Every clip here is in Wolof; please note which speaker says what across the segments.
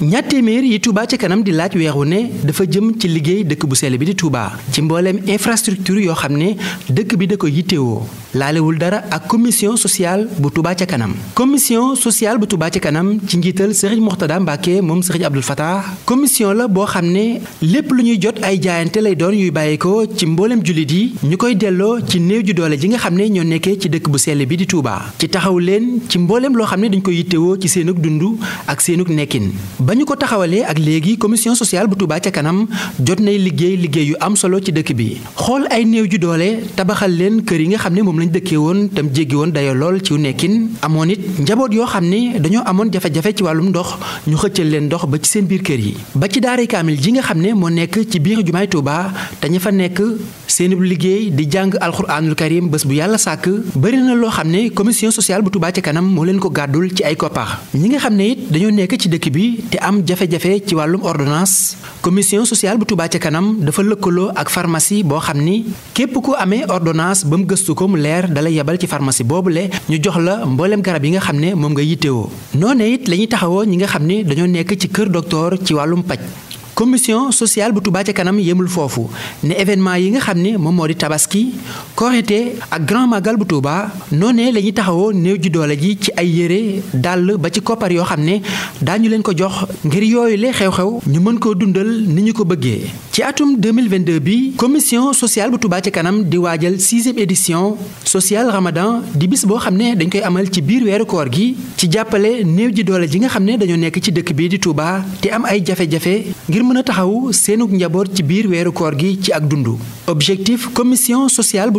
Speaker 1: ñaar téeméer yi Touba ca kanam di laaj weexu ne dafa jëm ci liggéey dëkk bu sell bi di Touba ci mbooleem infrastructure yoo xam ne dëkk bi da ko yittewoo laalewul dara ak commission sociale bu Touba ca kanam commission sociale bu Touba kanam ci njiital Serigne Mourtada Mbacke moom Serigne Abdoul Fattah commission la boo xam ne lépp lu ñuy jot ay jaayante lay doon yuy ko ci mbooleem jullit yi ñu koy delloo ci néew ju doole ji nga xam ne ñoo nekkee ci dëkk bu sell bi di Touba ci taxaw leen ci mbooleem loo xam ne dañ ko yittewoo ci seenug dund ak seenug nekkin ba ñu ko taxawalee ak léegi commission sociale bu Touba ca kanam jot nay liggéey liggéey yu am solo ci dëkk bi xool ay néew ju doole tabaxal leen kër yi nga xam ne moom lañ dëkkee woon tam jéggi woon dayo lool ci nekkin amoon it njaboot yoo xam ni dañoo amoon jafe-jafe ci wàllum ndox ñu xëccal leen ndox ba ci seen biir kër yi ba ci daara kaamil ji nga xam ne moo nekk ci biir jumaay Touba te ña fa nekk seen seenub liggéey di jàng alxuraanul karim bés bu yàlla sàkk bëri na loo xam ne commission sociale bu Touba ca kanam moo leen ko gàddul ci ay koppar ñi nga xam ne it dañoo nekk ci dëkk bi te am jafe-jafe ci wàllum ordonnance commission sociale bu Touba ca kanam dafa lëkkaloo ak pharmacie boo xam ni képp ku amee ordonnance ba mu gëstu ko mu leer dala yebal ci pharmacie boobule ñu jox la mboolem garab yi nga xam ne moom nga yittewoo noonu it la ñuy taxawoo ñi nga xam ne dañoo nekk ci kër docteur ci wàllum paj commission sociale bu Touba ci kanam yemul foofu ne événement yi nga xam ne moom moo di tabaski korite ak grand magal bu Touba noonee la ñuy taxawoo néew ji doole ji ci ay yére dàll ba ci koppar yoo xam ne daañu leen ko jox ngir yooyu le xew-xew ñu mën koo dundal ni ñu ko bëggee ci atum 2022 bi commission sociale bu Touba ci kanam di waajal sixième édition sociale Ramadan di bis boo xam ne dañ koy amal ci biir weeru koor gi ci jàppale néew ji doole ji nga xam ne dañoo nekk ci dëkk bii di Touba te am ay jafe-jafe ngir mën a taxaw seenug njaboot ci biir weeru koor gi ci ak dundu objectif commission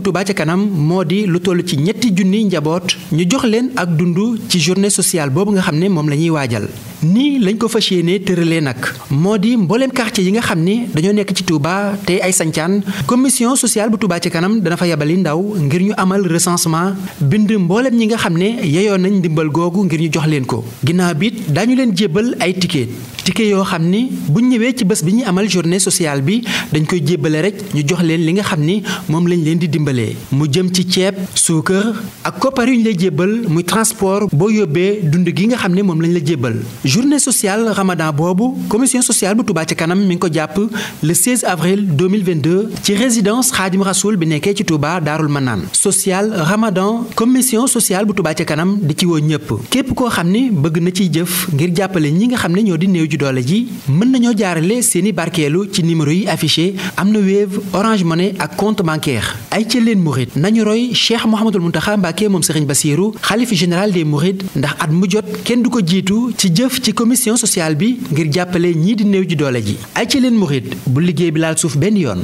Speaker 1: Touba ca kanam moo di lu toll ci ñetti junni njaboot ñu jox leen ak dund ci journée sociale boobu nga xam ne moom la ñuy waajal nii lañ ko fas ne tëralee nag moo di mbooleem quartier yi nga xam ni dañoo nekk ci Touba tey ay sancaan commission sociale bu Touba ca kanam dana fa yabali ndaw ngir ñu amal recensement bind mbooleem ñi nga xam ne yeyoon nañ ndimbal googu ngir ñu jox leen ko ginnaaw biit dañu leen jébbal ay ticket ticket yoo xam ni buñ ñëwee ci bés bi ñuy amal journée sociale bi dañ koy jébbale rek ñu jox leen li nga xam ni moom lañ leen di dimbalee mu jëm ci ceeb suukar ak koppar yu ñu lay jébbal muy transport boo yóbbee dund gi nga xam ne moom lañ la jébbal journée sociale ramadan boobu commission sociale bu Touba ci kanam mi ngi ko jàpp le 16 avril 2022 ci résidence Xaadim Rasoul bi nekkee ci Touba Daarul Manaan social ramadan commission sociale bu Touba kanam di ci woo ñëpp képp koo xam ni bëgg na ciy jëf ngir jàppale ñi nga xam ne ñoo di néew ci doole ji mën nañoo jaarale seeni barkeelu ci numéro yi affiché am na Wave Orange Money ak compte bancaire ay ca leen murit nañu roy Cheikh Mouhamadul Mountakha Mbacké moom Serigne Bassirou xalif général de mourides ndax at mu jot kenn du ko jiitu ci jëf ci commission sociale bi ngir jàppale ñii di néew ji doole ji ay ca leen murit bu liggéey bi laal suuf benn yoon